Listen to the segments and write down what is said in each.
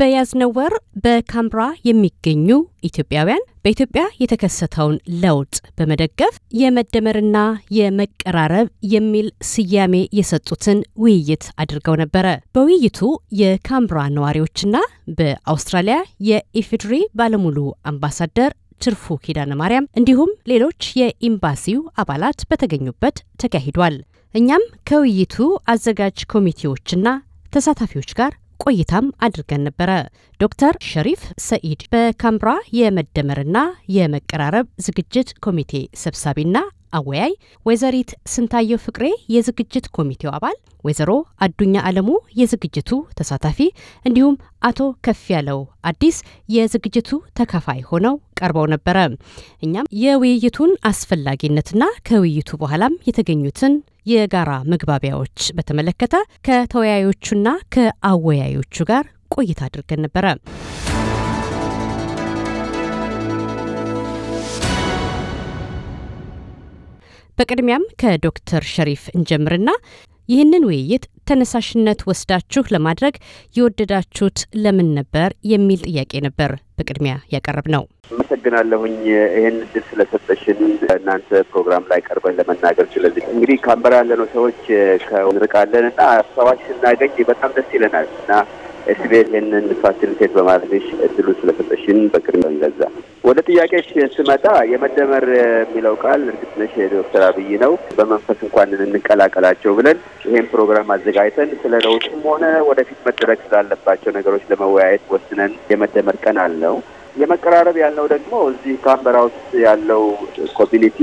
በያዝነው ወር በካምብራ የሚገኙ ኢትዮጵያውያን በኢትዮጵያ የተከሰተውን ለውጥ በመደገፍ የመደመርና የመቀራረብ የሚል ስያሜ የሰጡትን ውይይት አድርገው ነበረ። በውይይቱ የካምብራ ነዋሪዎችና በአውስትራሊያ የኢፌድሪ ባለሙሉ አምባሳደር ትርፉ ኪዳነ ማርያም እንዲሁም ሌሎች የኤምባሲው አባላት በተገኙበት ተካሂዷል። እኛም ከውይይቱ አዘጋጅ ኮሚቴዎችና ተሳታፊዎች ጋር ቆይታም አድርገን ነበረ። ዶክተር ሸሪፍ ሰኢድ በካምራ የመደመርና የመቀራረብ ዝግጅት ኮሚቴ ሰብሳቢና አወያይ፣ ወይዘሪት ስንታየው ፍቅሬ የዝግጅት ኮሚቴው አባል፣ ወይዘሮ አዱኛ አለሙ የዝግጅቱ ተሳታፊ እንዲሁም አቶ ከፍ ያለው አዲስ የዝግጅቱ ተካፋይ ሆነው ቀርበው ነበረ። እኛም የውይይቱን አስፈላጊነትና ከውይይቱ በኋላም የተገኙትን የጋራ መግባቢያዎች በተመለከተ ከተወያዮቹና ከአወያዮቹ ጋር ቆይታ አድርገን ነበረ። በቅድሚያም ከዶክተር ሸሪፍ እንጀምርና ይህንን ውይይት ተነሳሽነት ወስዳችሁ ለማድረግ የወደዳችሁት ለምን ነበር የሚል ጥያቄ ነበር በቅድሚያ ያቀረብ ነው። አመሰግናለሁኝ ይህን እድል ስለሰጠሽን እናንተ ፕሮግራም ላይ ቀርበን ለመናገር ችለዚህ እንግዲህ ካንበራ ያለነው ሰዎች ከንርቃለን እና ሰባች ስናገኝ በጣም ደስ ይለናል እና እስቲ ይህንን ፋሲሊቴት በማድረግሽ እድሉ ስለሰጠሽን በቅድሚያ እንገዛ። ወደ ጥያቄሽ ስመጣ የመደመር የሚለው ቃል እርግጥ ነሽ ዶክተር አብይ ነው በመንፈስ እንኳን እንቀላቀላቸው ብለን ይህን ፕሮግራም አዘጋጅተን ስለ ለውጡም ሆነ ወደፊት መደረግ ስላለባቸው ነገሮች ለመወያየት ወስነን የመደመር ቀን አለው። የመቀራረብ ያልነው ደግሞ እዚህ ካምበራ ውስጥ ያለው ኮሚኒቲ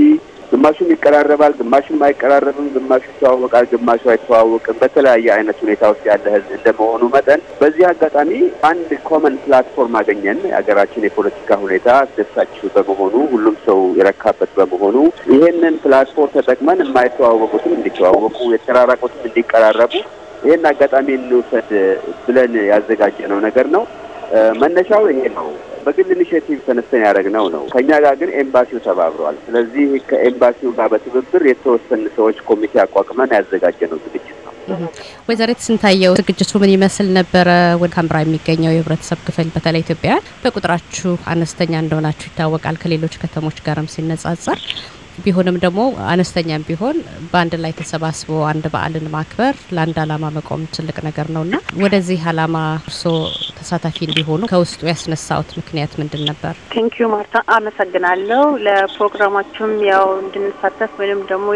ግማሹም ይቀራረባል፣ ግማሹም አይቀራረብም፣ ግማሹ ይተዋወቃል፣ ግማሹ አይተዋወቅም። በተለያየ አይነት ሁኔታ ውስጥ ያለ ህዝብ እንደመሆኑ መጠን በዚህ አጋጣሚ አንድ ኮመን ፕላትፎርም አገኘን። የሀገራችን የፖለቲካ ሁኔታ አስደሳች በመሆኑ ሁሉም ሰው የረካበት በመሆኑ ይህንን ፕላትፎርም ተጠቅመን የማይተዋወቁትም እንዲተዋወቁ፣ የተራራቁትም እንዲቀራረቡ ይህን አጋጣሚ እንውሰድ ብለን ያዘጋጀ ነው ነገር ነው። መነሻው ይሄ ነው። በግል ኢኒሽቲቭ ተነስተን ያደረግነው ነው። ከእኛ ጋር ግን ኤምባሲው ተባብሯል። ስለዚህ ከኤምባሲው ጋር በትብብር የተወሰኑ ሰዎች ኮሚቴ አቋቁመን ያዘጋጀነው ዝግጅት ነው። ወይዘሪት ስንታየው ዝግጅቱ ምን ይመስል ነበረ? ወደ ካምብራ የሚገኘው የህብረተሰብ ክፍል በተለይ ኢትዮጵያውያን በቁጥራችሁ አነስተኛ እንደሆናችሁ ይታወቃል ከሌሎች ከተሞች ጋርም ሲነጻጸር ቢሆንም ደግሞ አነስተኛም ቢሆን በአንድ ላይ ተሰባስቦ አንድ በዓልን ማክበር ለአንድ ዓላማ መቆም ትልቅ ነገር እና ወደዚህ ዓላማ እርስዎ ተሳታፊ እንዲሆኑ ከውስጡ ያስነሳውት ምክንያት ምንድን ነበር? ቴንኪዩ ማርታ፣ አመሰግናለሁ ለፕሮግራማችሁም ያው እንድንሳተፍ ወይም ደግሞ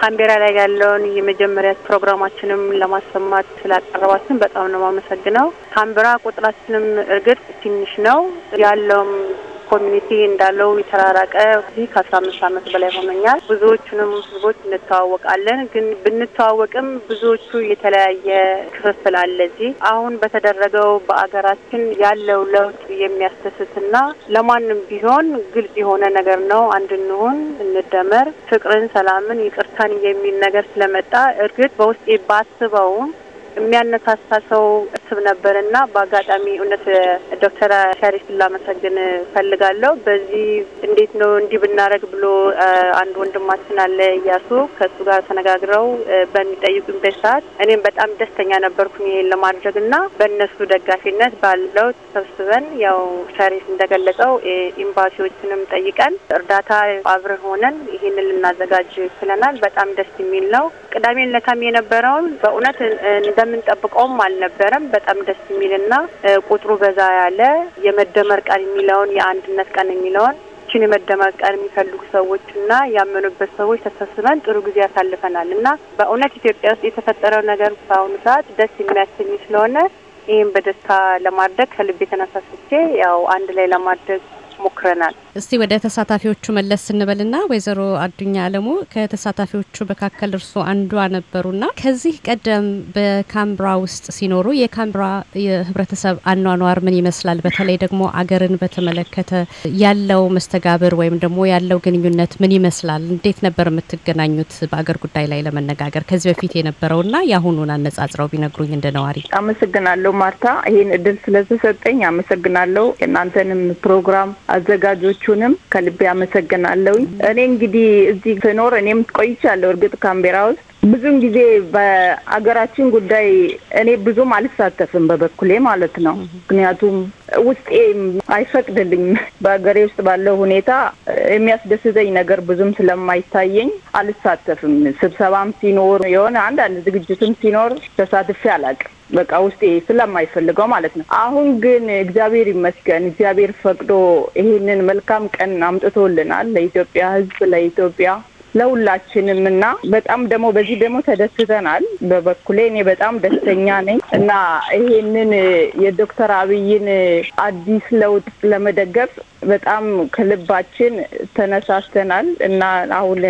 ካምቤራ ላይ ያለውን የመጀመሪያ ፕሮግራማችንም ለማሰማት ስላቀረባችን በጣም ነው የማመሰግነው። ካምቤራ ቁጥራችንም እርግጥ ትንሽ ነው ያለውም ኮሚኒቲ እንዳለው የተራራቀ እዚህ ከአስራ አምስት አመት በላይ ሆኖኛል። ብዙዎቹንም ህዝቦች እንተዋወቃለን። ግን ብንተዋወቅም ብዙዎቹ የተለያየ ክፍፍል አለ። እዚህ አሁን በተደረገው በአገራችን ያለው ለውጥ የሚያስደስትና ለማንም ቢሆን ግልጽ የሆነ ነገር ነው። አንድ እንሁን፣ እንደመር፣ ፍቅርን፣ ሰላምን፣ ይቅርታን የሚል ነገር ስለመጣ እርግጥ በውስጤ ባስበውም የሚያነሳሳ ሰው እስብ ነበር እና በአጋጣሚ እውነት ዶክተር ሻሪፍ ላመሰግን ፈልጋለሁ። በዚህ እንዴት ነው እንዲህ ብናረግ ብሎ አንድ ወንድማችን አለ እያሱ ከእሱ ጋር ተነጋግረው በሚጠይቁበት ሰዓት እኔም በጣም ደስተኛ ነበርኩኝ ይሄን ለማድረግ እና በእነሱ ደጋፊነት ባለው ተሰብስበን ያው ሸሪፍ እንደገለጸው ኤምባሲዎችንም ጠይቀን እርዳታ አብረን ሆነን ይህንን ልናዘጋጅ ችለናል። በጣም ደስ የሚል ነው። ቅዳሜ ለታም የነበረውን በእውነት እንደ የምንጠብቀውም አልነበረም። በጣም ደስ የሚልና ቁጥሩ በዛ ያለ የመደመር ቀን የሚለውን የአንድነት ቀን የሚለውን ችን የመደመር ቀን የሚፈልጉ ሰዎችና ያመኑበት ሰዎች ተሰብስበን ጥሩ ጊዜ ያሳልፈናል እና በእውነት ኢትዮጵያ ውስጥ የተፈጠረው ነገር በአሁኑ ሰዓት ደስ የሚያሰኝ ስለሆነ ይህም በደስታ ለማድረግ ከልብ የተነሳስቼ ያው አንድ ላይ ለማድረግ ሞክረናል። እስቲ ወደ ተሳታፊዎቹ መለስ ስንበልና ወይዘሮ አዱኛ አለሙ ከተሳታፊዎቹ መካከል እርስዎ አንዷ ነበሩና ከዚህ ቀደም በካምብራ ውስጥ ሲኖሩ የካምብራ የህብረተሰብ አኗኗር ምን ይመስላል? በተለይ ደግሞ አገርን በተመለከተ ያለው መስተጋብር ወይም ደግሞ ያለው ግንኙነት ምን ይመስላል? እንዴት ነበር የምትገናኙት? በአገር ጉዳይ ላይ ለመነጋገር ከዚህ በፊት የነበረውና የአሁኑን አነጻጽረው ቢነግሩኝ እንደ ነዋሪ። አመሰግናለሁ ማርታ፣ ይህን እድል ስለተሰጠኝ አመሰግናለሁ። የእናንተንም ፕሮግራም አዘጋጆቹንም ከልቤ አመሰግናለሁ። እኔ እንግዲህ እዚህ ስኖር እኔም ቆይቻለሁ። እርግጥ ካምቤራ ውስጥ ብዙን ጊዜ በአገራችን ጉዳይ እኔ ብዙም አልሳተፍም በበኩሌ ማለት ነው። ምክንያቱም ውስጤ አይፈቅድልኝም። በሀገሬ ውስጥ ባለው ሁኔታ የሚያስደስተኝ ነገር ብዙም ስለማይታየኝ አልሳተፍም። ስብሰባም ሲኖር የሆነ አንዳንድ ዝግጅትም ሲኖር ተሳትፌ አላቅም። በቃ ውስጤ ስለማይፈልገው ማለት ነው። አሁን ግን እግዚአብሔር ይመስገን፣ እግዚአብሔር ፈቅዶ ይሄንን መልካም ቀን አምጥቶልናል። ለኢትዮጵያ ሕዝብ ለኢትዮጵያ ለሁላችንም እና በጣም ደግሞ በዚህ ደግሞ ተደስተናል። በበኩሌ እኔ በጣም ደስተኛ ነኝ እና ይሄንን የዶክተር አብይን አዲስ ለውጥ ለመደገፍ በጣም ከልባችን ተነሳስተናል እና አሁን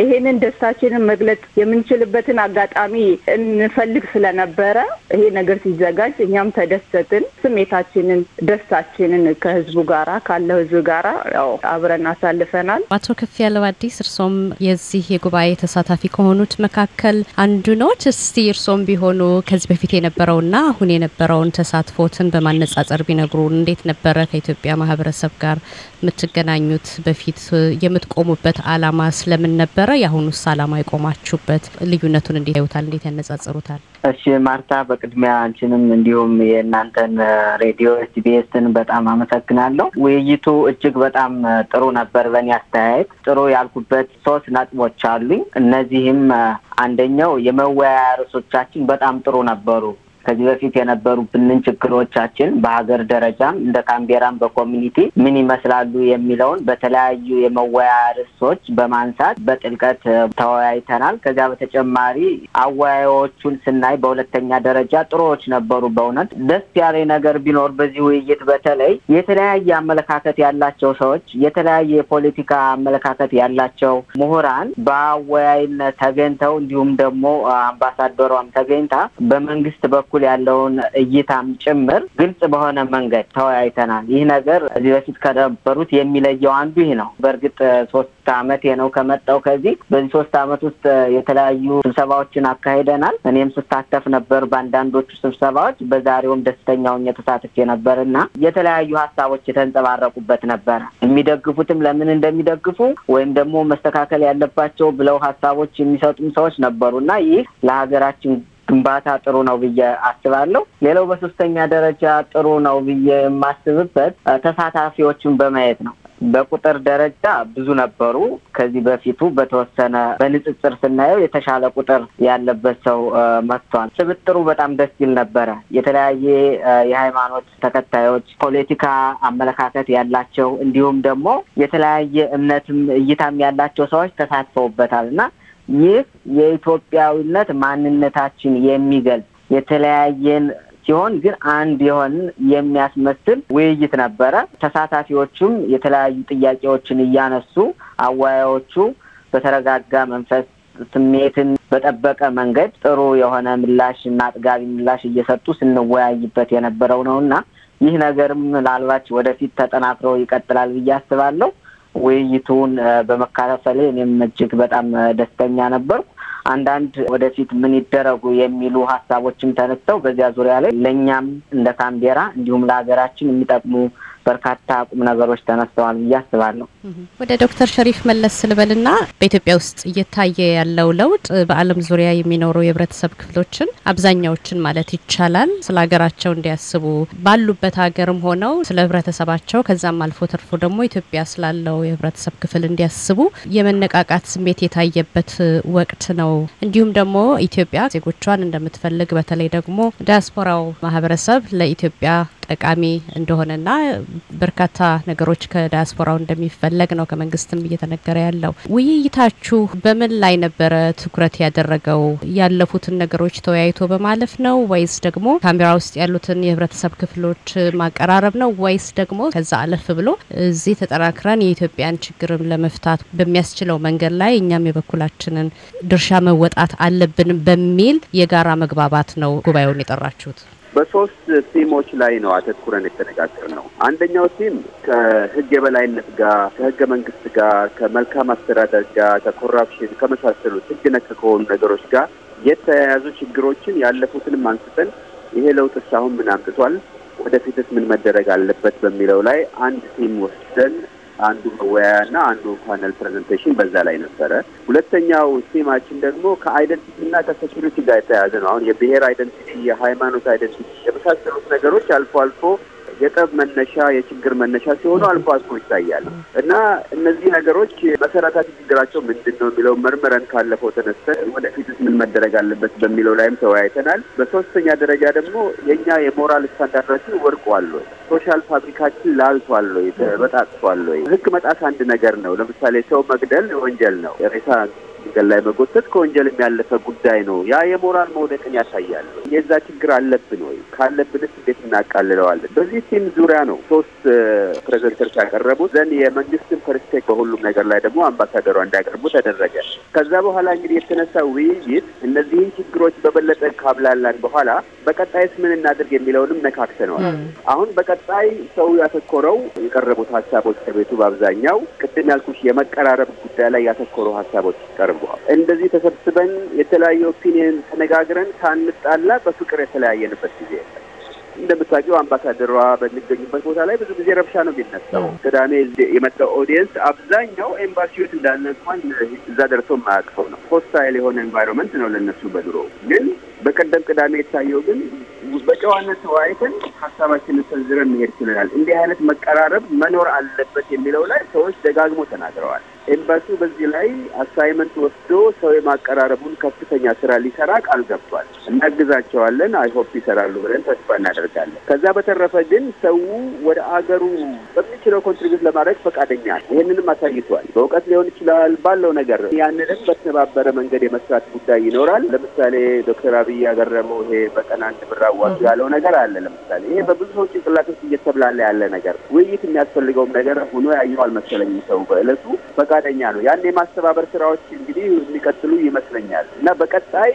ይሄንን ደስታችንን መግለጽ የምንችልበትን አጋጣሚ እንፈልግ ስለነበረ ይሄ ነገር ሲዘጋጅ እኛም ተደሰትን። ስሜታችንን፣ ደስታችንን ከህዝቡ ጋራ ካለው ህዝብ ጋራ ያው አብረን አሳልፈናል። አቶ ከፍ ያለው አዲስ እርሶም የዚህ የጉባኤ ተሳታፊ ከሆኑት መካከል አንዱ ኖት። እስቲ እርሶም ቢሆኑ ከዚህ በፊት የነበረውና አሁን የነበረውን ተሳትፎትን በማነጻጸር ቢነግሩ። እንዴት ነበረ ከኢትዮጵያ ማህበረሰብ ጋር የምትገናኙት? በፊት የምትቆሙበት አላማ ስለምን ነበር? ነበረ። የአሁኑስ አላማ የቆማችሁበት ልዩነቱን እንዴት ያዩታል? እንዴት ያነጻጽሩታል? እሺ ማርታ፣ በቅድሚያ አንቺንም እንዲሁም የእናንተን ሬዲዮ ኤስቢኤስን በጣም አመሰግናለሁ። ውይይቱ እጅግ በጣም ጥሩ ነበር። በእኔ አስተያየት ጥሩ ያልኩበት ሶስት ነጥቦች አሉኝ። እነዚህም አንደኛው የመወያያ ርዕሶቻችን በጣም ጥሩ ነበሩ። ከዚህ በፊት የነበሩብንን ችግሮቻችን በሀገር ደረጃም እንደ ካምቤራም በኮሚኒቲ ምን ይመስላሉ የሚለውን በተለያዩ የመወያያ ርዕሶች በማንሳት በጥልቀት ተወያይተናል። ከዚያ በተጨማሪ አወያዮቹን ስናይ በሁለተኛ ደረጃ ጥሩዎች ነበሩ። በእውነት ደስ ያለ ነገር ቢኖር በዚህ ውይይት በተለይ የተለያየ አመለካከት ያላቸው ሰዎች፣ የተለያየ የፖለቲካ አመለካከት ያላቸው ምሁራን በአወያይነት ተገኝተው እንዲሁም ደግሞ አምባሳደሯም ተገኝታ በመንግስት በኩል በኩል ያለውን እይታም ጭምር ግልጽ በሆነ መንገድ ተወያይተናል። ይህ ነገር እዚህ በፊት ከነበሩት የሚለየው አንዱ ይህ ነው። በእርግጥ ሶስት አመት ነው ከመጣው ከዚህ በዚህ ሶስት አመት ውስጥ የተለያዩ ስብሰባዎችን አካሂደናል። እኔም ስታተፍ ነበር በአንዳንዶቹ ስብሰባዎች፣ በዛሬውም ደስተኛውን የተሳትፌ ነበር እና የተለያዩ ሀሳቦች የተንጸባረቁበት ነበረ። የሚደግፉትም ለምን እንደሚደግፉ ወይም ደግሞ መስተካከል ያለባቸው ብለው ሀሳቦች የሚሰጡም ሰዎች ነበሩ እና ይህ ለሀገራችን ግንባታ ጥሩ ነው ብዬ አስባለሁ። ሌላው በሶስተኛ ደረጃ ጥሩ ነው ብዬ የማስብበት ተሳታፊዎችን በማየት ነው። በቁጥር ደረጃ ብዙ ነበሩ። ከዚህ በፊቱ በተወሰነ በንጽጽር ስናየው የተሻለ ቁጥር ያለበት ሰው መጥቷል። ስብጥሩ በጣም ደስ ይል ነበረ። የተለያየ የሃይማኖት ተከታዮች፣ ፖለቲካ አመለካከት ያላቸው እንዲሁም ደግሞ የተለያየ እምነትም እይታም ያላቸው ሰዎች ተሳትፈውበታል እና ይህ የኢትዮጵያዊነት ማንነታችን የሚገልጽ የተለያየን ሲሆን ግን አንድ የሆን የሚያስመስል ውይይት ነበረ። ተሳታፊዎቹም የተለያዩ ጥያቄዎችን እያነሱ አወያዮቹ በተረጋጋ መንፈስ ስሜትን በጠበቀ መንገድ ጥሩ የሆነ ምላሽ እና አጥጋቢ ምላሽ እየሰጡ ስንወያይበት የነበረው ነው እና ይህ ነገርም ምናልባት ወደፊት ተጠናክሮ ይቀጥላል ብዬ አስባለሁ። ውይይቱን በመካፈሌ እኔም እጅግ በጣም ደስተኛ ነበርኩ። አንዳንድ ወደፊት ምን ይደረጉ የሚሉ ሀሳቦችም ተነስተው በዚያ ዙሪያ ላይ ለእኛም እንደ ካምቤራ እንዲሁም ለሀገራችን የሚጠቅሙ በርካታ ቁም ነገሮች ተነስተዋል ብዬ አስባለሁ። ወደ ዶክተር ሸሪፍ መለስ ስልበልና በኢትዮጵያ ውስጥ እየታየ ያለው ለውጥ በዓለም ዙሪያ የሚኖሩ የህብረተሰብ ክፍሎችን አብዛኛዎችን ማለት ይቻላል ስለ ሀገራቸው እንዲያስቡ ባሉበት ሀገርም ሆነው ስለ ህብረተሰባቸው ከዛም አልፎ ተርፎ ደግሞ ኢትዮጵያ ስላለው የህብረተሰብ ክፍል እንዲያስቡ የመነቃቃት ስሜት የታየበት ወቅት ነው። እንዲሁም ደግሞ ኢትዮጵያ ዜጎቿን እንደምትፈልግ በተለይ ደግሞ ዲያስፖራው ማህበረሰብ ለኢትዮጵያ ጠቃሚ እንደሆነና በርካታ ነገሮች ከዳያስፖራው እንደሚፈለግ ነው ከመንግስትም እየተነገረ ያለው። ውይይታችሁ በምን ላይ ነበረ ትኩረት ያደረገው? ያለፉትን ነገሮች ተወያይቶ በማለፍ ነው ወይስ ደግሞ ካሜራ ውስጥ ያሉትን የህብረተሰብ ክፍሎች ማቀራረብ ነው ወይስ ደግሞ ከዛ አለፍ ብሎ እዚህ ተጠናክረን የኢትዮጵያን ችግርም ለመፍታት በሚያስችለው መንገድ ላይ እኛም የበኩላችንን ድርሻ መወጣት አለብን በሚል የጋራ መግባባት ነው ጉባኤውን የጠራችሁት? በሶስት ቲሞች ላይ ነው አተኩረን የተነጋገር ነው። አንደኛው ቲም ከህግ የበላይነት ጋር፣ ከህገ መንግስት ጋር፣ ከመልካም አስተዳደር ጋር፣ ከኮራፕሽን ከመሳሰሉት ህግ ነክ ከሆኑ ነገሮች ጋር የተያያዙ ችግሮችን ያለፉትንም አንስተን ይሄ ለውጥ እስካሁን ምን አምጥቷል፣ ወደፊትስ ምን መደረግ አለበት በሚለው ላይ አንድ ቲም ወስደን አንዱ መወያያ እና አንዱ ፓነል ፕሬዘንቴሽን በዛ ላይ ነበረ። ሁለተኛው ቲማችን ደግሞ ከአይደንቲቲ እና ከሴኪሪቲ ጋር የተያያዘ ነው። አሁን የብሔር አይደንቲቲ፣ የሃይማኖት አይደንቲቲ የመሳሰሉት ነገሮች አልፎ አልፎ የጠብ መነሻ የችግር መነሻ ሲሆኑ አልፎ አልፎ ይታያል እና እነዚህ ነገሮች መሰረታዊ ችግራቸው ምንድን ነው የሚለው መርምረን ካለፈው ተነስተን ወደፊት ምን መደረግ አለበት በሚለው ላይም ተወያይተናል። በሶስተኛ ደረጃ ደግሞ የእኛ የሞራል ስታንዳርዳችን ወድቋል ወይ፣ ሶሻል ፋብሪካችን ላልቷል ወይ፣ ተበጣጥሷል ወይ? ህግ መጣስ አንድ ነገር ነው። ለምሳሌ ሰው መግደል ወንጀል ነው። ሬሳ ሆስፒታል ላይ መጎተት ከወንጀልም ያለፈ ጉዳይ ነው። ያ የሞራል መውደቅን ያሳያል። የዛ ችግር አለብን ወይ? ካለብንስ እንዴት እናቃልለዋለን? በዚህ ቲም ዙሪያ ነው ሶስት ፕሬዘንተርስ ያቀረቡት ዘን የመንግስትን ፐርስፔክ በሁሉም ነገር ላይ ደግሞ አምባሳደሯ እንዳያቀርቡ ተደረገ። ከዛ በኋላ እንግዲህ የተነሳ ውይይት እነዚህን ችግሮች በበለጠ ካብላላን በኋላ በቀጣይስ ምን እናድርግ የሚለውንም ነካክተነዋል። አሁን በቀጣይ ሰው ያተኮረው የቀረቡት ሀሳቦች ከቤቱ በአብዛኛው ቅድም ያልኩሽ የመቀራረብ ጉዳይ ላይ ያተኮሩ ሀሳቦች ቀርበዋል። እንደዚህ ተሰብስበን የተለያየ ኦፒኒየን ተነጋግረን ሳንጣላ በፍቅር የተለያየንበት ጊዜ የለም። እንደምታውቂው አምባሳደሯ በሚገኙበት ቦታ ላይ ብዙ ጊዜ ረብሻ ነው የሚነሳው። ቅዳሜ የመጣው ኦዲየንስ አብዛኛው ኤምባሲዎች እንዳለ እንኳን እዛ ደርሶ የማያውቀው ነው። ሆስታይል የሆነ ኤንቫይሮንመንት ነው ለነሱ በድሮ ግን በቀደም ቅዳሜ የታየው ግን በጨዋነት ተወያይተን ሀሳባችንን ሰንዝረን መሄድ ችለናል። እንዲህ አይነት መቀራረብ መኖር አለበት የሚለው ላይ ሰዎች ደጋግሞ ተናግረዋል። ኤምባሲው በዚህ ላይ አሳይመንት ወስዶ ሰው የማቀራረቡን ከፍተኛ ስራ ሊሰራ ቃል ገብቷል። እናግዛቸዋለን። አይሆፕ ይሰራሉ ብለን ተስፋ እናደርጋለን። ከዛ በተረፈ ግን ሰው ወደ አገሩ በሚችለው ኮንትሪቢዩት ለማድረግ ፈቃደኛ ነው። ይህንንም አሳይቷል። በእውቀት ሊሆን ይችላል ባለው ነገር ያንንም በተባበረ መንገድ የመስራት ጉዳይ ይኖራል። ለምሳሌ ዶክተር አብይ ያገረመው ይሄ በቀን አንድ ብር አዋጡ ያለው ነገር አለ። ለምሳሌ ይሄ በብዙ ሰዎች ጭንቅላት ውስጥ ያለ ነገር ውይይት የሚያስፈልገውም ነገር ሆኖ ያየው መሰለኝ ሰው በእለቱ በቃ ፈቃደኛ ነው። ያን የማስተባበር ስራዎች እንግዲህ የሚቀጥሉ ይመስለኛል እና በቀጣይ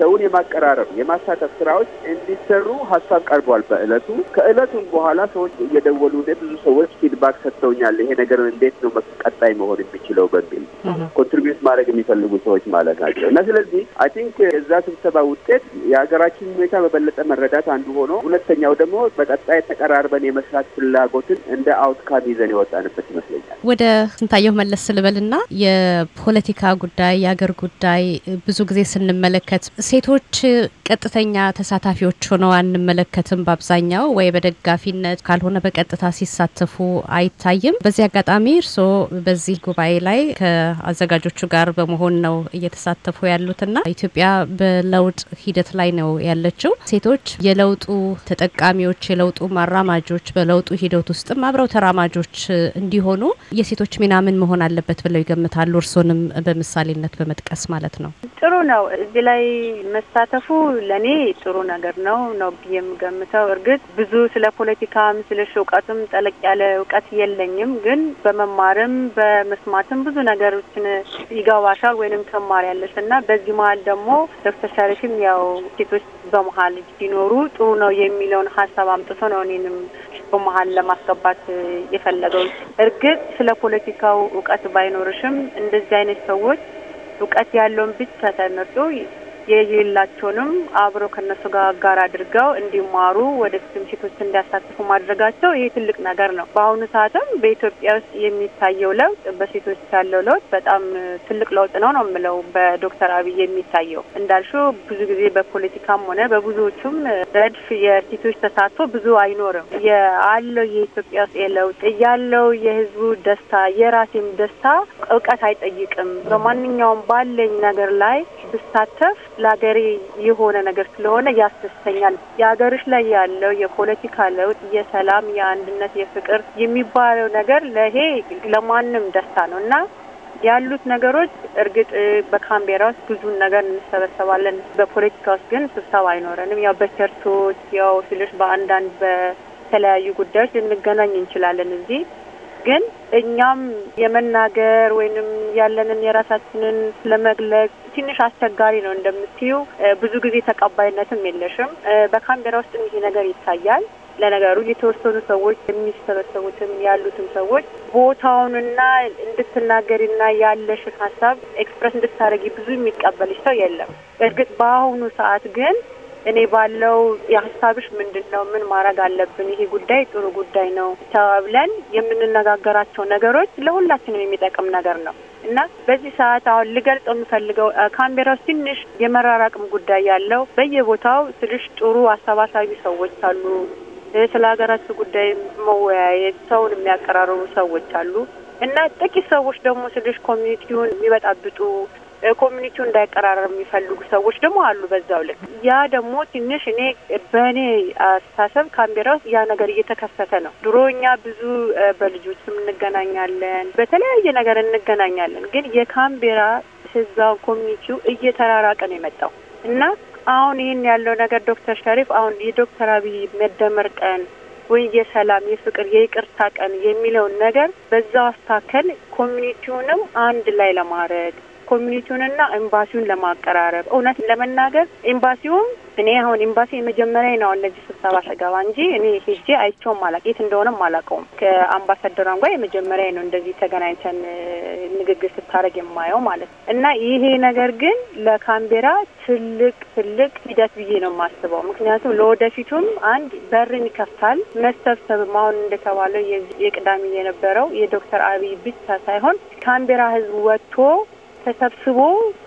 ሰውን የማቀራረብ የማሳተፍ ስራዎች እንዲሰሩ ሀሳብ ቀርቧል። በእለቱ ከእለቱም በኋላ ሰዎች እየደወሉ ብዙ ሰዎች ፊድባክ ሰጥተውኛል። ይሄ ነገር እንዴት ነው ቀጣይ መሆን የሚችለው በሚል ኮንትሪቢዩት ማድረግ የሚፈልጉ ሰዎች ማለት ናቸው። እና ስለዚህ አይ ቲንክ የዛ ስብሰባ ውጤት የሀገራችን ሁኔታ በበለጠ መረዳት አንዱ ሆኖ፣ ሁለተኛው ደግሞ በቀጣይ ተቀራርበን የመስራት ፍላጎትን እንደ አውትካም ይዘን የወጣንበት ይመስለኛል። ወደ ስንታየሁ መለስ ስልበልና የፖለቲካ ጉዳይ የሀገር ጉዳይ ብዙ ጊዜ ስንመለከት ሴቶች ቀጥተኛ ተሳታፊዎች ሆነው አንመለከትም። በአብዛኛው ወይ በደጋፊነት ካልሆነ በቀጥታ ሲሳተፉ አይታይም። በዚህ አጋጣሚ እርስዎ በዚህ ጉባኤ ላይ ከአዘጋጆቹ ጋር በመሆን ነው እየተሳተፉ ያሉትና ኢትዮጵያ በለውጥ ሂደት ላይ ነው ያለችው። ሴቶች የለውጡ ተጠቃሚዎች፣ የለውጡ ማራማጆች፣ በለውጡ ሂደት ውስጥም አብረው ተራማጆች እንዲሆኑ የሴቶች ሚና ምን መሆን አለበት ብለው ይገምታሉ? እርስዎንም በምሳሌነት በመጥቀስ ማለት ነው። ጥሩ ነው። እዚህ ላይ መሳተፉ ለእኔ ጥሩ ነገር ነው ነው ብዬ የምገምተው። እርግጥ ብዙ ስለ ፖለቲካም ስለ እውቀቱም ጠለቅ ያለ እውቀት የለኝም፣ ግን በመማርም በመስማትም ብዙ ነገሮችን ይገባሻል ወይንም ተማሪ ያለሽ እና በዚህ መሀል ደግሞ ዶክተር ሸረሽም ያው ሴቶች በመሀል ቢኖሩ ጥሩ ነው የሚለውን ሀሳብ አምጥቶ ነው እኔንም በመሀል ለማስገባት የፈለገው። እርግጥ ስለ ፖለቲካው እውቀት ባይኖርሽም እንደዚህ አይነት ሰዎች እውቀት ያለውን ብቻ ተመርጦ የሌላቸውንም አብሮ ከነሱ ጋር አጋር አድርገው እንዲማሩ ወደፊትም ሴቶች እንዲያሳትፉ ማድረጋቸው ይህ ትልቅ ነገር ነው። በአሁኑ ሰዓትም በኢትዮጵያ ውስጥ የሚታየው ለውጥ በሴቶች ያለው ለውጥ በጣም ትልቅ ለውጥ ነው ነው የምለው በዶክተር አብይ የሚታየው እንዳልሹ ብዙ ጊዜ በፖለቲካም ሆነ በብዙዎቹም ረድፍ የሴቶች ተሳትፎ ብዙ አይኖርም። የአለው የኢትዮጵያ ውስጥ የለውጥ ያለው የህዝቡ ደስታ የራሴም ደስታ እውቀት አይጠይቅም። በማንኛውም ባለኝ ነገር ላይ ብሳተፍ ለሀገሬ የሆነ ነገር ስለሆነ ያስደስተኛል። የሀገርሽ ላይ ያለው የፖለቲካ ለውጥ፣ የሰላም፣ የአንድነት፣ የፍቅር የሚባለው ነገር ለሄ ለማንም ደስታ ነው እና ያሉት ነገሮች እርግጥ በካምቤራ ውስጥ ብዙን ነገር እንሰበሰባለን። በፖለቲካ ውስጥ ግን ስብሰባ አይኖረንም። ያው በቸርቶች ያው ስልሽ በአንዳንድ በተለያዩ ጉዳዮች ልንገናኝ እንችላለን እዚህ ግን እኛም የመናገር ወይንም ያለንን የራሳችንን ለመግለጽ ትንሽ አስቸጋሪ ነው። እንደምትዩ ብዙ ጊዜ ተቀባይነትም የለሽም። በካሜራ ውስጥ ይህ ነገር ይታያል። ለነገሩ የተወሰኑ ሰዎች የሚሰበሰቡትም ያሉትም ሰዎች ቦታውንና እንድትናገሪና ያለሽን ሀሳብ ኤክስፕረስ እንድታደረጊ ብዙ የሚቀበልሽ ሰው የለም። እርግጥ በአሁኑ ሰዓት ግን እኔ ባለው የሀሳብሽ ምንድን ነው? ምን ማድረግ አለብን? ይሄ ጉዳይ ጥሩ ጉዳይ ነው ተብለን የምንነጋገራቸው ነገሮች ለሁላችንም የሚጠቅም ነገር ነው እና በዚህ ሰዓት አሁን ልገልጽ የምፈልገው ካምቤራ ውስጥ ትንሽ የመራራቅም ጉዳይ ያለው በየቦታው ስልሽ ጥሩ አሰባሳቢ ሰዎች አሉ። ስለ ሀገራችን ጉዳይ መወያየት ሰውን የሚያቀራርቡ ሰዎች አሉ እና ጥቂት ሰዎች ደግሞ ስልሽ ኮሚኒቲውን የሚበጣብጡ ኮሚኒቲው እንዳይቀራረብ የሚፈልጉ ሰዎች ደግሞ አሉ። በዛው ልክ ያ ደግሞ ትንሽ እኔ በእኔ አስተሳሰብ ካምቤራ ውስጥ ያ ነገር እየተከሰተ ነው። ድሮ እኛ ብዙ በልጆችም እንገናኛለን፣ በተለያየ ነገር እንገናኛለን። ግን የካምቤራ ህዛው ኮሚኒቲው እየተራራቀ ነው የመጣው እና አሁን ይህን ያለው ነገር ዶክተር ሸሪፍ አሁን የዶክተር አብይ መደመር ቀን ወይ የሰላም የፍቅር የይቅርታ ቀን የሚለውን ነገር በዛው አስታከል ኮሚኒቲውንም አንድ ላይ ለማድረግ ኮሚኒቲውንና ኤምባሲውን ለማቀራረብ እውነት ለመናገር ኤምባሲውም እኔ አሁን ኤምባሲ የመጀመሪያ ነው እነዚህ ስብሰባ ስገባ እንጂ እኔ ሄጄ አይቼውም አላቅ የት እንደሆነም አላውቀውም። ከአምባሳደሯም ጋር የመጀመሪያ ነው እንደዚህ ተገናኝተን ንግግር ስታደርግ የማየው ማለት ነው። እና ይሄ ነገር ግን ለካምቤራ ትልቅ ትልቅ ሂደት ብዬ ነው የማስበው። ምክንያቱም ለወደፊቱም አንድ በርን ይከፍታል። መሰብሰብ አሁን እንደተባለው የቅዳሜ የነበረው የዶክተር አብይ ብቻ ሳይሆን ካምቤራ ህዝብ ወጥቶ ተሰብስቦ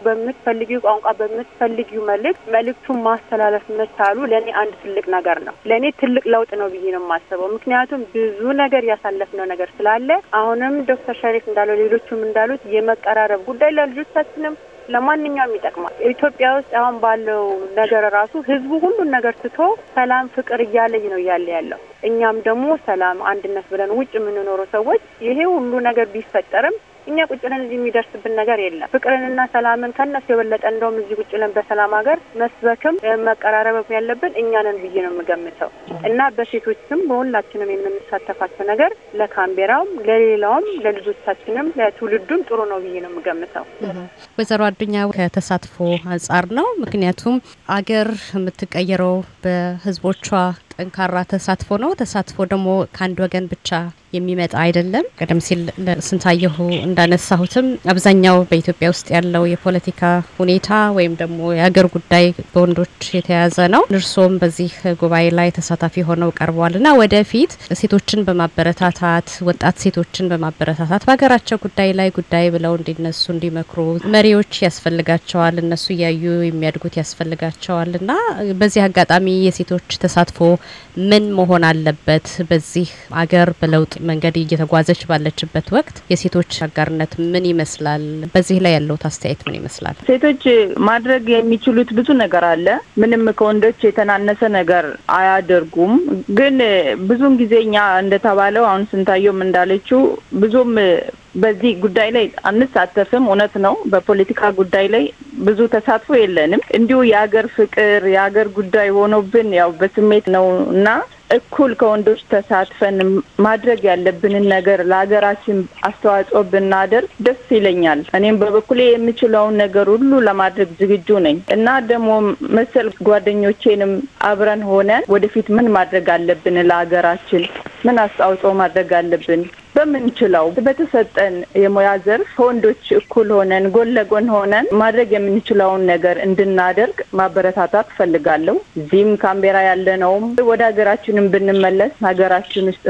በምትፈልጊ ቋንቋ በምትፈልጊ መልእክት መልእክቱን ማስተላለፍ መቻሉ ለእኔ አንድ ትልቅ ነገር ነው። ለእኔ ትልቅ ለውጥ ነው ብዬ ነው የማስበው። ምክንያቱም ብዙ ነገር ያሳለፍነው ነገር ስላለ አሁንም ዶክተር ሸሪፍ እንዳለው ሌሎቹም እንዳሉት የመቀራረብ ጉዳይ ለልጆቻችንም ለማንኛውም ይጠቅማል። ኢትዮጵያ ውስጥ አሁን ባለው ነገር ራሱ ህዝቡ ሁሉን ነገር ትቶ ሰላም፣ ፍቅር እያለኝ ነው እያለ ያለው እኛም ደግሞ ሰላም፣ አንድነት ብለን ውጭ የምንኖረው ሰዎች ይሄ ሁሉ ነገር ቢፈጠርም እኛ ቁጭ ብለን እዚህ የሚደርስብን ነገር የለም። ፍቅርንና ሰላምን ከነሱ የበለጠ እንደውም እዚህ ቁጭ ብለን በሰላም ሀገር መስበክም መቀራረብም ያለብን እኛንን ብዬ ነው የምገምተው እና በሴቶችም በሁላችንም የምንሳተፋቸው ነገር ለካምቤራውም፣ ለሌላውም፣ ለልጆቻችንም ለትውልዱም ጥሩ ነው ብዬ ነው የምገምተው። ወይዘሮ አዱኛ ከተሳትፎ አንጻር ነው። ምክንያቱም አገር የምትቀየረው በህዝቦቿ ጠንካራ ተሳትፎ ነው። ተሳትፎ ደግሞ ከአንድ ወገን ብቻ የሚመጣ አይደለም። ቀደም ሲል ስንታየሁ እንዳነሳሁትም አብዛኛው በኢትዮጵያ ውስጥ ያለው የፖለቲካ ሁኔታ ወይም ደግሞ የሀገር ጉዳይ በወንዶች የተያዘ ነው። እርሶም በዚህ ጉባኤ ላይ ተሳታፊ ሆነው ቀርበዋል እና ወደፊት ሴቶችን በማበረታታት ወጣት ሴቶችን በማበረታታት በሀገራቸው ጉዳይ ላይ ጉዳይ ብለው እንዲነሱ እንዲመክሩ መሪዎች ያስፈልጋቸዋል። እነሱ እያዩ የሚያድጉት ያስፈልጋቸዋል እና በዚህ አጋጣሚ የሴቶች ተሳትፎ ምን መሆን አለበት? በዚህ አገር በለውጥ መንገድ እየተጓዘች ባለችበት ወቅት የሴቶች አጋርነት ምን ይመስላል? በዚህ ላይ ያለውት አስተያየት ምን ይመስላል? ሴቶች ማድረግ የሚችሉት ብዙ ነገር አለ። ምንም ከወንዶች የተናነሰ ነገር አያደርጉም። ግን ብዙን ጊዜ እኛ እንደተባለው አሁን ስንታየውም እንዳለችው ብዙም በዚህ ጉዳይ ላይ አንሳተፍም። እውነት ነው። በፖለቲካ ጉዳይ ላይ ብዙ ተሳትፎ የለንም። እንዲሁ የሀገር ፍቅር የሀገር ጉዳይ ሆኖብን ያው በስሜት ነው እና እኩል ከወንዶች ተሳትፈን ማድረግ ያለብንን ነገር ለሀገራችን አስተዋጽኦ ብናደርግ ደስ ይለኛል። እኔም በበኩሌ የምችለውን ነገር ሁሉ ለማድረግ ዝግጁ ነኝ እና ደግሞ መሰል ጓደኞቼንም አብረን ሆነን ወደፊት ምን ማድረግ አለብን፣ ለሀገራችን ምን አስተዋጽኦ ማድረግ አለብን፣ በምንችለው በተሰጠን የሙያ ዘርፍ ከወንዶች እኩል ሆነን ጎን ለጎን ሆነን ማድረግ የምንችለውን ነገር እንድናደርግ ማበረታታት ፈልጋለሁ። እዚህም ካምቤራ ያለነውም ወደ ሀገራችንም ብንመለስ ሀገራችን ውስጥ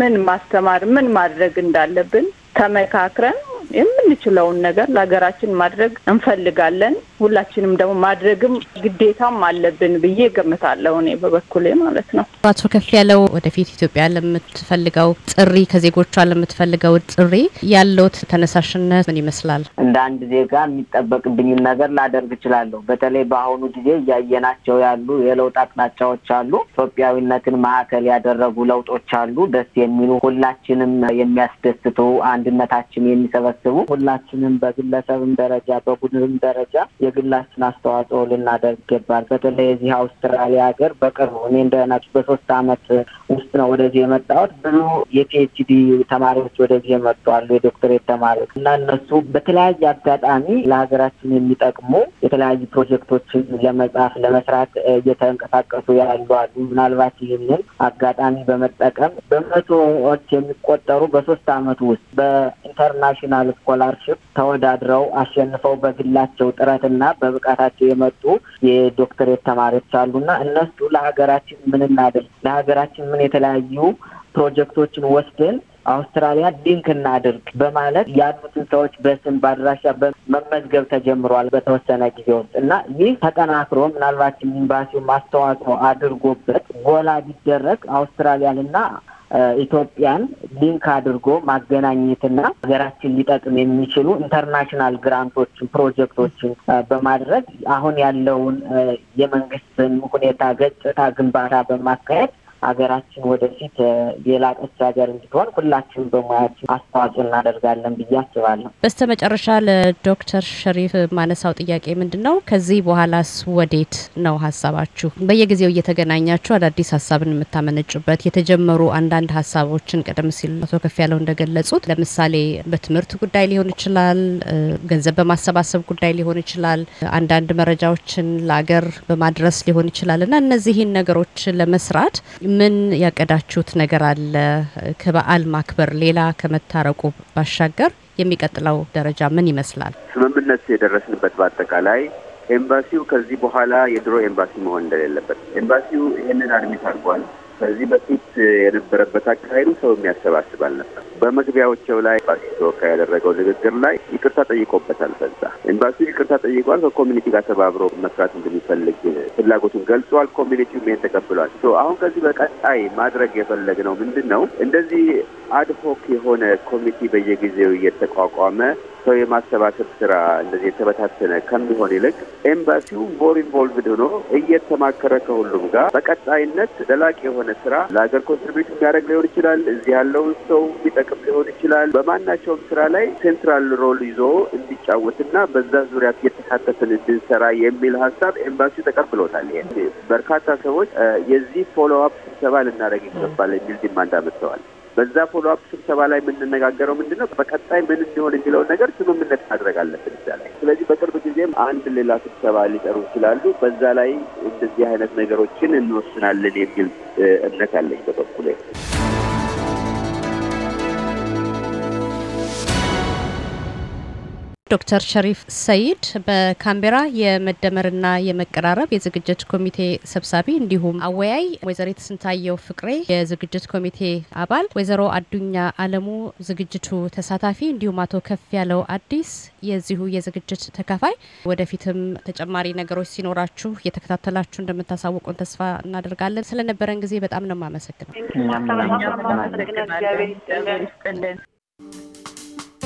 ምን ማስተማር ምን ማድረግ እንዳለብን ተመካክረን የምንችለውን ነገር ለሀገራችን ማድረግ እንፈልጋለን። ሁላችንም ደግሞ ማድረግም ግዴታም አለብን ብዬ ገምታለሁ እኔ በበኩሌ ማለት ነው። አቶ ከፍ ያለው ወደፊት ኢትዮጵያ ለምትፈልገው ጥሪ ከዜጎቿ ለምትፈልገው ጥሪ ያለውት ተነሳሽነት ምን ይመስላል? እንደ አንድ ዜጋ የሚጠበቅብኝን ነገር ላደርግ እችላለሁ። በተለይ በአሁኑ ጊዜ እያየናቸው ያሉ የለውጥ አቅጣጫዎች አሉ። ኢትዮጵያዊነትን ማዕከል ያደረጉ ለውጦች አሉ። ደስ የሚሉ ሁላችንም የሚያስደስቱ አንድነታችን የሚሰበስቡ ሁላችንም በግለሰብም ደረጃ በቡድንም ደረጃ የግላችን አስተዋጽኦ ልናደርግ ይገባል። በተለይ የዚህ አውስትራሊያ ሀገር በቅርቡ እኔ እንደናችሁ በሶስት አመት ውስጥ ነው ወደዚህ የመጣሁት። ብዙ የፒኤችዲ ተማሪዎች ወደዚህ የመጡ አሉ፣ የዶክተሬት ተማሪዎች እና እነሱ በተለያየ አጋጣሚ ለሀገራችን የሚጠቅሙ የተለያዩ ፕሮጀክቶችን ለመጻፍ ለመስራት እየተንቀሳቀሱ ያሉ አሉ። ምናልባት ይህንን አጋጣሚ በመጠቀም በመቶዎች የሚቆጠሩ በሶስት አመት ውስጥ በኢንተርናሽናል ስኮላርሽፕ ተወዳድረው አሸንፈው በግላቸው ጥረትና እና በብቃታቸው የመጡ የዶክተሬት ተማሪዎች አሉና እነሱ ለሀገራችን ምን እናደርግ ለሀገራችን ምን የተለያዩ ፕሮጀክቶችን ወስደን አውስትራሊያ ሊንክ እናድርግ በማለት ያሉትን ሰዎች በስም በአድራሻ በመመዝገብ ተጀምሯል በተወሰነ ጊዜ ውስጥ እና ይህ ተጠናክሮ ምናልባት ኤምባሲው አስተዋጽኦ አድርጎበት ጎላ ቢደረግ አውስትራሊያንና ኢትዮጵያን ሊንክ አድርጎ ማገናኘትና ሀገራችን ሊጠቅም የሚችሉ ኢንተርናሽናል ግራንቶችን፣ ፕሮጀክቶችን በማድረግ አሁን ያለውን የመንግስትን ሁኔታ ገጽታ ግንባታ በማካሄድ ሀገራችን ወደፊት የላቀች ሀገር እንድትሆን ሁላችን በሙያችን አስተዋጽኦ እናደርጋለን ብዬ አስባለሁ። በስተ መጨረሻ ለዶክተር ሸሪፍ ማነሳው ጥያቄ ምንድን ነው? ከዚህ በኋላስ ወዴት ነው ሀሳባችሁ? በየጊዜው እየተገናኛችሁ አዳዲስ ሀሳብን የምታመነጩበት የተጀመሩ አንዳንድ ሀሳቦችን ቀደም ሲል አቶ ከፍ ያለው እንደገለጹት ለምሳሌ በትምህርት ጉዳይ ሊሆን ይችላል፣ ገንዘብ በማሰባሰብ ጉዳይ ሊሆን ይችላል፣ አንዳንድ መረጃዎችን ለአገር በማድረስ ሊሆን ይችላል እና እነዚህን ነገሮች ለመስራት ምን ያቀዳችሁት ነገር አለ? ከበዓል ማክበር ሌላ ከመታረቁ ባሻገር የሚቀጥለው ደረጃ ምን ይመስላል? ስምምነት የደረስንበት በአጠቃላይ ኤምባሲው ከዚህ በኋላ የድሮ ኤምባሲ መሆን እንደሌለበት ኤምባሲው ይህንን አድሚት አድርጓል። ከዚህ በፊት የነበረበት አካሄዱ ሰው የሚያሰባስብ አልነበር። በመግቢያዎቸው ላይ ኤምባሲ ተወካይ ያደረገው ንግግር ላይ ይቅርታ ጠይቆበታል። በዛ ኤምባሲ ይቅርታ ጠይቋል። ከኮሚኒቲ ጋር ተባብሮ መስራት እንደሚፈልግ ፍላጎቱን ገልጿል። ኮሚኒቲው ይሄን ተቀብሏል። አሁን ከዚህ በቀጣይ ማድረግ የፈለግነው ምንድን ነው? እንደዚህ አድሆክ የሆነ ኮሚቴ በየጊዜው እየተቋቋመ ሰው የማሰባሰብ ስራ እንደዚህ የተበታተነ ከሚሆን ይልቅ ኤምባሲው ሞር ኢንቮልቭድ ሆኖ እየተማከረ ከሁሉም ጋር በቀጣይነት ዘላቂ የሆነ ስራ ለሀገር ኮንትሪቢዩት የሚያደርግ ሊሆን ይችላል። እዚህ ያለውን ሰው የሚጠቅም ሊሆን ይችላል። በማናቸውም ስራ ላይ ሴንትራል ሮል ይዞ እንዲጫወትና በዛ ዙሪያ እየተሳተፍን እንድንሰራ የሚል ሀሳብ ኤምባሲው ተቀብሎታል። ይሄ በርካታ ሰዎች የዚህ ፎሎፕ አፕ ስብሰባ ልናደርግ ይገባል የሚል ዲማንድ አመጥተዋል። በዛ ፎሎአፕ ስብሰባ ላይ የምንነጋገረው ምንድን ነው፣ በቀጣይ ምን እንዲሆን የሚለውን ነገር ስምምነት ማድረግ አለብን እዛ ላይ። ስለዚህ በቅርብ ጊዜም አንድ ሌላ ስብሰባ ሊጠሩ ይችላሉ። በዛ ላይ እንደዚህ አይነት ነገሮችን እንወስናለን የሚል እምነት አለኝ በበኩሌ። ዶክተር ሸሪፍ ሰይድ በካምቤራ የመደመርና የመቀራረብ የዝግጅት ኮሚቴ ሰብሳቢ እንዲሁም አወያይ፣ ወይዘሪት ስንታየው ፍቅሬ የዝግጅት ኮሚቴ አባል፣ ወይዘሮ አዱኛ አለሙ ዝግጅቱ ተሳታፊ እንዲሁም አቶ ከፍ ያለው አዲስ የዚሁ የዝግጅት ተካፋይ። ወደፊትም ተጨማሪ ነገሮች ሲኖራችሁ እየተከታተላችሁ እንደምታሳውቁን ተስፋ እናደርጋለን። ስለነበረን ጊዜ በጣም ነው የማመሰግነው።